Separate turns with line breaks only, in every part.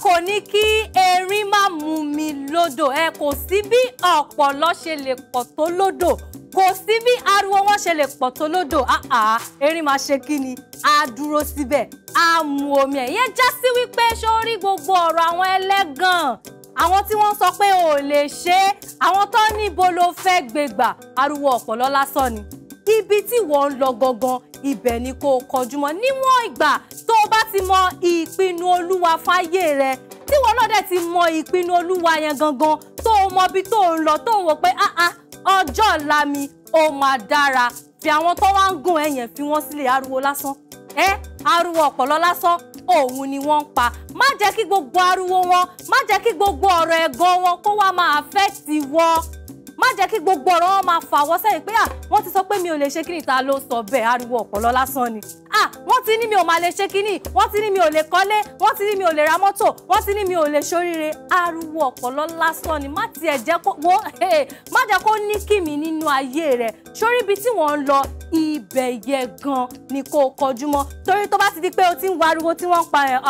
kò ní kí erin má mú mi lódò ẹ kò sí bí ọ̀pọ̀lọ́ ṣe lè pọ̀ tó lódò kò sí bí ariwo wọn ṣe lè pọ̀ tó lódò àá erin máa ṣe kí ni á dúró síbẹ̀ á mu omi ẹ̀ yẹn já sí wípé sórí gbogbo ọ̀rọ̀ àwọn ẹlẹ́gàn àwọn tí wọ́n sọ pé ò lè ṣe é àwọn tó ní ibo fẹ́ gbégbà ariwo ọ̀pọ̀lọ́ lásán ni ibi tí wọ́n ń lọ gangan ibẹ̀ ni kò kọjú mọ́ níwọ̀n ìgbà tó o bá ti mọ ìpinnu olúwa fáyé rẹ tí wọ́n náà dẹ̀ ti mọ ìpinnu olúwa yẹn gangan tó o mọ ibi tó o ń lọ tó o wò pé ọjọ́ ọ̀la mi ó máa dára fi àwọn tó wá ń gùn ẹ̀yẹn fi wọ́n sílẹ̀ ariwo lásán ẹ ariwo ọ̀pọ̀lọ́ lásán òun ni wọ́n ń pa má jẹ́ kí gbogbo ariwo wọn má jẹ́ kí gbogbo ọ̀rọ̀ ẹ̀gàn wọn kó wá máa fẹ́ ti wọ́n má jẹ́ kí gbogbo ọ̀rọ̀ wọn máa fà wọ́ sẹ́yìn pé wọ́n ti sọ pé mi ò lè ṣe kíni ta ló sọ bẹ́ẹ̀ ariwo ọ̀pọ̀lọ lásán ni wọ́n ti ní mi ò máa lè ṣe kíni wọ́n ti ní mi ò lè kọ́lé wọ́n ti ní mi ò lè ra mọ́tò wọ́n ti ní mi ò lè ṣoríire ariwo ọ̀pọ̀lọ lásán ni má tiẹ̀ jẹ́ kó wo má jẹ́ kó ní kìmí nínú ayé rẹ̀ sórí ibi tí wọ́n ń lọ ibẹ̀ yẹ gan ni kó o kọjú mọ́ torí tó bá ti di pé o ti ń wariwo tí wọ́n ń pa ẹ̀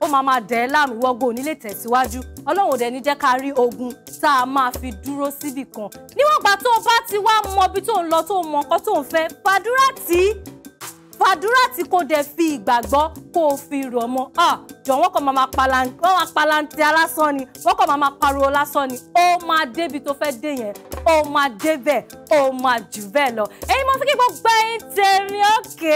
ó máa máa dẹ̀ ẹ́ láàmú wọ́gbọ̀n onílé tẹ̀síwájú ọlọ́run ò dẹ̀ ní jẹ́ ká rí ogun tá a máa fi dúró síbì kan níwọ̀n ìgbà tó o bá ti wá mọ ibi tó ń lọ tó o mọ nǹkan tó ń fẹ́ fàdúrà tí fàdúrà tí kò dẹ̀ fi ìgbàgbọ́ kó o fi rọ̀ mọ́ jọ wọ́n kàn máa máa palantí alásán ni wọ́n kàn máa máa pariwo lásán ni ó máa débi tó fẹ́ dé yẹn ó máa débẹ̀ ó máa jù bẹ́ẹ̀ lọ èyí mo fi kí gbogbo ẹ̀yin tèmi òkè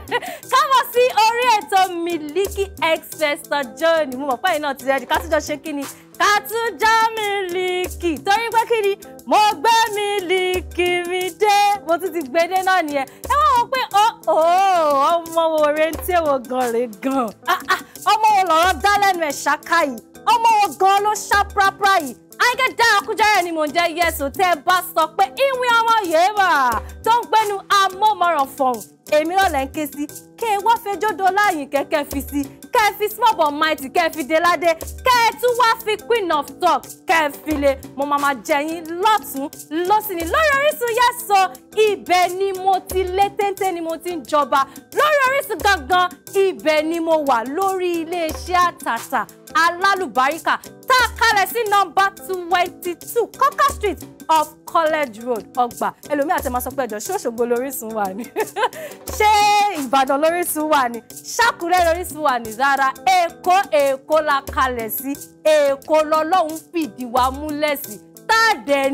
káàbọ̀ sí orí ètò Miliki Express tọjọ́ ni mo mọ̀ pé ẹ̀yin náà ti rẹ́ẹ̀dì ká ṣe kí ni ká tún torí pé kí ni mo gbé mílíkì mi dé mo tún ti gbé dé náà nìyẹn Oh, ọmọ wo rẹńtì wo gan rè gan ah, ah, ọmọ wo lọ̀rọ̀ dá lẹ́nu ẹ̀ ṣáká yìí ọmọ wo gan ló ṣá pàápàá yìí àyíkẹ́ dá Kújẹ́rẹ́ ni mò ń jẹ́ yẹ́sùn tẹ́ ẹ bá sọ pé ìwé ọmọ yéèbà tó ń gbénu amóhùnmọ́ràn fọ̀hún èmi náà lẹ́ ń ké sí kẹ́ ẹ wá fẹjọ́ kẹ́kẹ́ fi sí kẹ́ ẹ fi small but mighty kẹ́ ẹ fi delade kẹ́ ẹ tún wá fi queen of talk kẹ́ ẹ fi le mo máa ma jẹ yín lọ́tún lọ́sìn ní lórí Orísun yẹ́ sọ ibẹ̀ ni mo ti lé téńté ni mo ti ń jọba lórí Orísun gangan ibẹ̀ ni mo wà lórí iléeṣẹ́ àtàtà alálùbáríkà tá a kalẹ̀ sí nọ́mbà twenty two Coca Street of College Road ọgbà ẹlòmíì àti ẹ̀ma sọ pé ẹ̀jọ̀ ṣé Òṣogbo lórísun wà ní ṣé Ìbàdàn lórísun wà ní ṣàkúrẹ́ lórísun wà ní rárá Èkó Èkó la kalẹ̀ sí Èkó lọ́lọ́run fìdí wa múlẹ̀ sí tá ẹ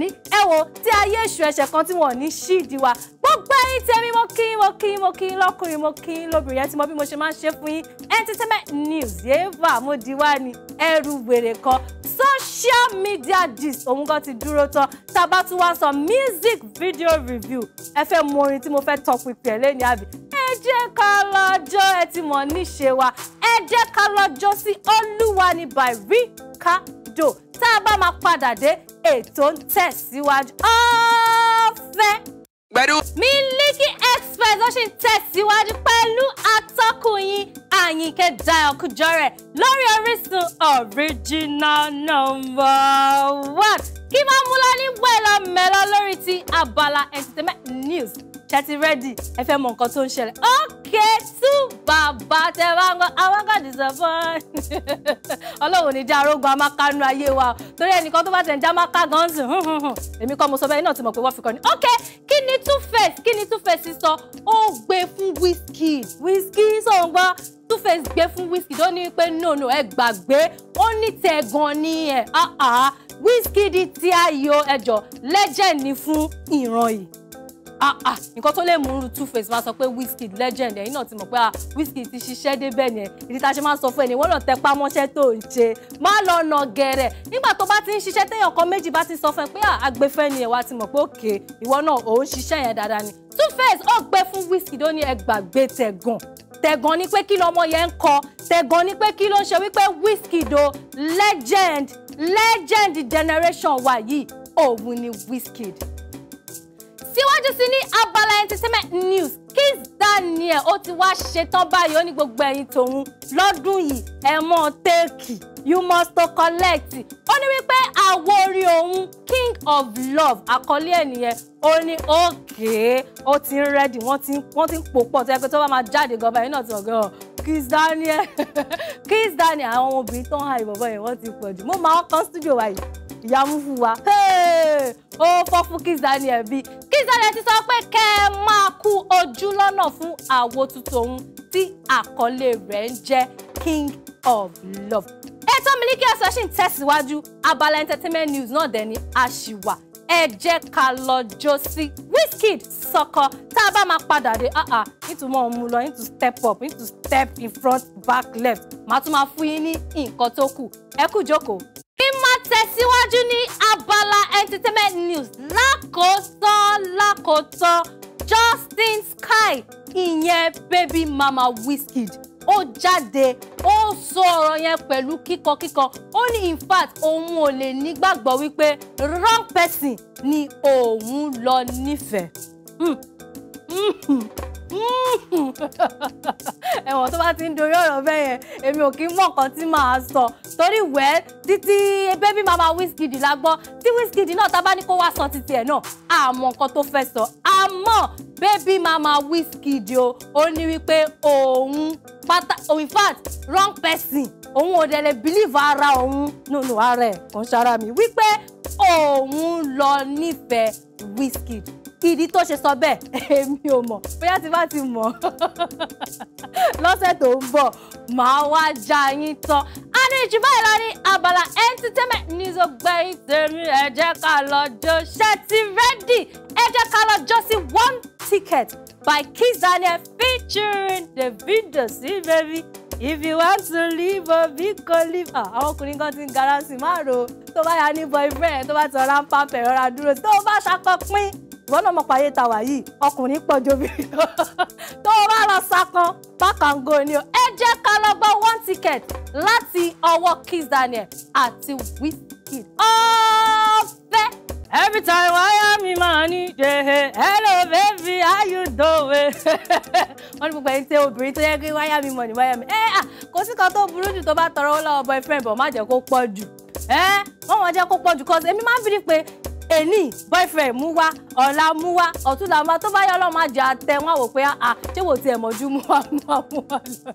wo tí ayé èṣù ẹ̀ṣẹ̀ kan tí wọ́n ní ṣíìdì wa gbogbo ẹ̀yin tèmi mo kí mo kí mo kí lọ́kùnrin mo kí lóbìnrin yẹn tí mo bí mo ṣe máa ń ṣe fún yín entertainment news yéèfà mo di wá ní ẹrù wèrè kan social media gist òun kan ti dúró tán tá tún wá sọ music video review ẹ fẹ́ mọ orin tí mo fẹ́ tọpinpin ẹ̀ lẹ́yìn àbí ẹ jẹ́ ká lọ́jọ́ ẹ ti mọ̀ níṣe wa ẹ jẹ́ ká lọ́jọ́ sí olúwa ní by Ricardo tá a bá máa padà dé ètò ń tẹ̀síwájú ọ̀fẹ́. pẹ̀lú. Miliki Express ó sì ń tẹ̀síwájú pẹ̀lú atọ́kùn yín Àyìnkẹ́ Dayọ̀ Kújọrẹ̀ lórí Orísun original number one kí máa mú lọ ní wẹ́lọ́mẹ́lọ́ lórí ti abala entertainment news ṣe ti rẹ́dì ẹ fẹ́ mọ nǹkan tó ń ṣẹlẹ̀ ok tú bàbá tẹ bá ń gbọ́ àwọn kan disappoint ọlọ́run ò ní já arógun amákánú ayé wa torí ẹnìkan tó bá tẹ̀ ń já máká gan sùn èmi kọ́ mo sọ bẹ́ẹ̀ náà ti mọ̀ pé wọ́n fi kọ́ ni ok kí ni Tuface kí ni Tuface sọ ó gbé fún Wizkid Wizkid sọ̀ngbọ́n Tuface gbé fún Wizkid ó ní pé no no ẹ gbàgbé ó ní tẹ̀ gan ni ẹ̀ ah ah Wizkid ti ayò ẹjọ́ legend ni fún ìran yìí ah ah nǹkan tó lè mú un two face máa sọ pé Wizkid legend ẹ̀yin náà ti mọ̀ pé ah Wizkid ti ṣiṣẹ́ débẹ̀ yẹn ìdí tá a ṣe máa sọ fún ẹ ní wọ́n lọ tẹpá mọ́ṣẹ́ tó ń ṣe má lọ nà gẹ̀rẹ̀ nígbà tó bá ti ń ṣiṣẹ́ téèyàn kan méjì bá ti sọ fún ẹ pé ah agbefẹ́ ni ẹ̀ wá ti mọ̀ pé òkè ìwọ náà òun ṣiṣẹ́ yẹn dáadáa ni two face ó gbé fún Wizkid ó ní ẹ gbàgbé tẹ̀gàn tẹ̀gàn ni pé kí lọmọ yẹn ń kọ tẹ̀gàn ni pé kí ló ń ṣe wípé Wizkid o legend legend generation wa yìí òun ni Wizkid síwájú sí ní abala entertainment news Kiss Daniel ó ti wá ṣetán báyìí ó ní gbogbo ẹ̀yin tòun lọ́dún yìí ẹ mọ́ tẹ́ẹ̀kì you must to collect ó ní wípé àwo orin òun king of love àkọlé ẹ̀ nìyẹn ó ní òkè ó ti ń rẹ́dì wọ́n ti ń pò pọ̀ tó yẹ pé tó bá máa jáde gan-an náà ti hàn oh, gan Chris Daniel Chris Daniel àwọn obìnrin tó ń ha ìbọ̀bọ̀ yẹn wọ́n ti pọ̀ jù mo máa kọ́ studio wa yìí ìyá mú fún wa ó fọ́ fún Chris Daniel bí Chris Daniel ti sọ pé kẹ́ ẹ máa kú ojú lọ́nà fún àwo tuntun òun tí àkọlé rẹ̀ ń jẹ́ King of Love ètò Miliki Express ṣì ń tẹ̀síwájú abala entertainment news náà dẹ̀ ni a ẹ jẹ́ ká lọ jó sí Wizkid sọkọ tá a bá máa padà dé ah, ah, nítumọ̀ mú lọ into step up into step in front back left màá tún máa fún yín ní nǹkan tó kù ẹ kú jókòó. bí máa tẹ̀síwájú ní abala entertainment news lákòótọ́ lákòótọ́ Justin Sky ìyẹn baby mama Wizkid ó jáde ó sọ ọ̀rọ̀ yẹn pẹ̀lú kíkọkíkọ ó ní in fact òun ò lè nígbàgbọ́ wípé wrong person ni òun lọ nífẹ̀ẹ́. Hmm. Hmm. Hmm. ẹ̀wọ̀n tó bá ti ń dorí ọ̀rọ̀ bẹ́ẹ̀ yẹn èmi ò kí ń mọ̀ nǹkan tí màá sọ torí wẹ́ẹ́ títí bébí mama Wizkid la gbọ́ tí Wizkid náà tá a bá ní kó wá sọ títí ẹ̀ náà àmọ́ nǹkan tó fẹ́ sọ àmọ́ bébí mama Wizkid o ó ní wípé òun pátá oh, in fact wrong person òun ò dẹ̀lẹ̀ believe ara òun nínú ara ẹ̀ kan ṣara mi wípé òun lọ nífẹ̀ẹ́ Wizkid ìdí tó ṣe sọ bẹ́ẹ̀ èmi ò mọ̀ bóyá tí bá ti mọ̀ lọ́sẹ̀ tó ń bọ̀ màá wá já yín tán a ní jù báyìí lọ ní abala entertainment news ọgbẹ́yìn tèmi ẹ jẹ́ ká lọ jó ṣe ti rẹ́dì ẹ jẹ́ ká lọ jó sí one ticket by Kiss Daniel featuring Davido sí baby if you want to leave, a big go live. Ah, àwọn ọkùnrin kan ti ń gara sí máa ro tó bá ya ní boyfriend tó bá ti ọ̀rá ń pa pẹ̀rọ ra dúró tó bá ṣakọ pín ìwọ náà mọ̀ pàyé ta wà yìí ọkùnrin pọ̀ ju obìnrin lọ tó bá lọ sakan bákango ni o ẹ jẹ́ ká lọ gbọ́ one ticket láti ọwọ́ Kiss Daniel àti Wizkid. Oh! Every time I am in money, yeah. Hello baby, how you doing? Wọ́n ní gbogbo ẹni tí obìnrin tó yẹ kí wáyà mi mọ̀ ní wáyà mi. Ẹ eh, à ah, kò sí kan tó burú jù tó bá tọrọ owó lọ́wọ́ boyfriend bọ̀ má jẹ́ kó pọ̀ jù. Ẹ eh, wọ́n mọ̀ jẹ́ kó pọ̀ jù cause èmi máa ń bìrì pé èní boyfriend mú wá ọ̀la mú wá ọ̀túnla máa tó bá yọ ọlọ́run máa jẹ́ àtẹ wọn wò pé àà ah, ṣé wò tiẹ̀ mọ̀jú mú wá mú wá mú wá lọ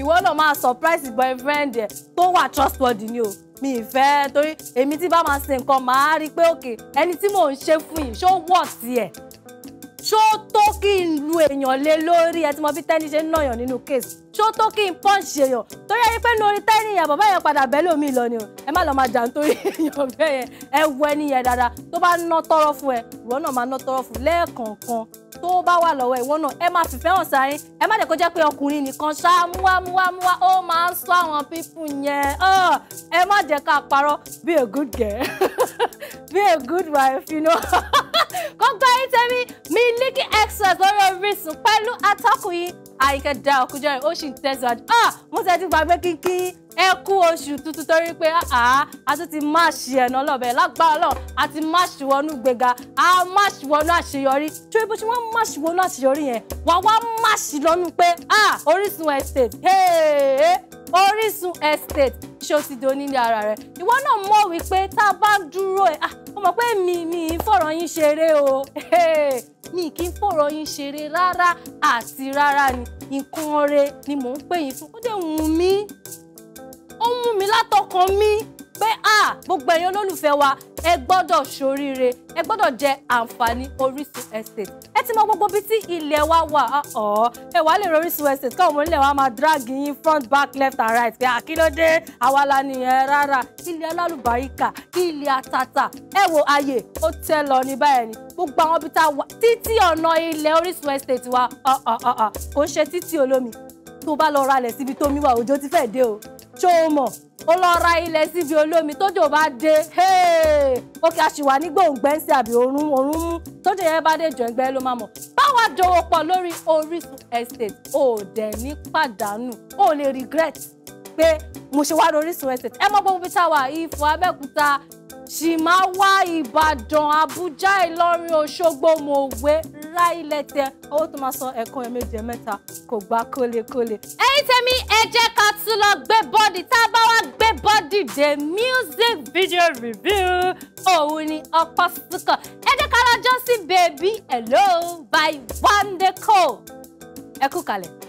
ìwọ náà máa surprise boyfriend ẹ̀ tó wà trustworthy ni o mi ì fẹ́ torí èmi tí bá máa ṣe nǹkan màá rí i pé òkè ẹni tí mò ń ṣe fún yìí ṣó wọ̀ tiẹ̀ ṣó tó kí n lu èèyàn lé lórí ẹ tí mo fi tẹ́ni ṣe ń nàyàn nínú case ṣó tó kí n pọ́ǹsì èèyàn torí ẹni pé lórí tẹ́ni yẹn bàbá yẹn padà bẹ́ẹ̀ lómi lọ ni o ẹ má lọ máa jà nítorí èèyàn bẹ́ẹ̀ yẹn ẹ wo ẹni yẹn dáadáa tó bá ná tọrọ fún ẹ ìwọ náà máa ná tọrọ fún lẹ́ẹ̀kọ̀ọ̀kan tó bá wà lọ́wọ́ ìwọ náà ẹ máa fìfẹ́ hàn sáyé ẹ má dẹ̀ kó jẹ́ pé ọkùnrin nìkan ṣá múwámúwámúwá ó máa ń sọ àwọn pípù yẹn ẹ má jẹ́ ká parọ́ be a good girl be a good wife you know kọ́ńtà yìí tẹ́mi Miliki Express lórí Orísun pẹ̀lú atọ́kùn yìí àyíkẹ́ dá ọkújọ́rin ó sì ń tẹ̀síwájú ah mo ti ẹ ti gbàgbé kínkín ẹ kú oṣù tuntun torí pé àá ah, ah, a tún ti máàṣì ẹ̀nà ọlọ́bẹ̀ lágbára ọlọ́run a ti máàṣì wọnú gbéga a máàṣì wọnú àṣeyọrí torí bó ṣe wọ́n máàṣì wọnú àṣeyọrí yẹn wà wá máàṣì lọ́nu pé ah Orísun estate Orísun estate ṣé o ti di onílé ara rẹ ìwọ náà mọ̀ wípé tá a bá dúró ẹ ah, ó mọ̀ pé mi mi fọ̀rọ̀ yín ṣeré o mi kì í fọ̀rọ̀ yín ṣeré rárá àti rárá ni nǹkan ọ̀rẹ́ ni mò ń pè yín fún ó dẹ̀ wù mí ó mú mi látọkàn mi pé gbogbo ẹ̀yin olólùfẹ́ wa ẹ gbọ́dọ̀ ṣoríire ẹ gbọ́dọ̀ jẹ àǹfààní Orísun estate ẹ ti mọ gbogbo bí tí ilẹ̀ wa wà ọ̀ ẹ wàá lè rí Orísun estate káwọn ọmọ nílẹ̀ wa máa drag yín front back left and right pé àkílódé àwa la nìyẹn rárá ilẹ̀ alálùbáríkà ilẹ̀ àtàtà ẹ wo ààyè ó tẹ́ lọ ní báyẹn ni gbogbo àwọn ibi tá a wà títí ọ̀nà ilẹ̀ Orísun estate wa kò ń ṣe títí olómi tó bá lọ ralẹ̀ síbi tómi wà òjò ti fẹ́ dé o ṣó o mọ̀ ó lọ ra ilẹ̀ síbi olómi tójò bá dé ó kí a ṣì wà ní gbòǹgbẹ́ sí àbí òórùn òórùn mú tójò yẹn bá dé jọ̀ǹgbẹ́ ló máa mọ̀ báwa jọ̀wọ́ pọ̀ lórí Orísun estate ò dẹ̀ ní pàdánù ò lè regret pé mo ṣe wá lórí Orísun estate ẹ mọ gbogbo bí táwa Ifọ̀ Abẹ́òkúta Ṣìmáwá Ìbàdàn Abuja Ìlọrin Òṣogbo Mòwe láìlẹ́tẹ̀ owó tó máa san ẹ̀kan ẹ̀ méje mẹ́ta kò gbá kólekóle. ẹ̀yin tèmi ẹ ká tún lọ gbé bọ́dì tá a bá wá gbé bọ́dì dé music video review òun ni ọ̀pọ̀ sùkọ̀ ẹ jẹ́ ká lọ jọ́sí baby hello by Wande Cole ẹ kú kalẹ̀.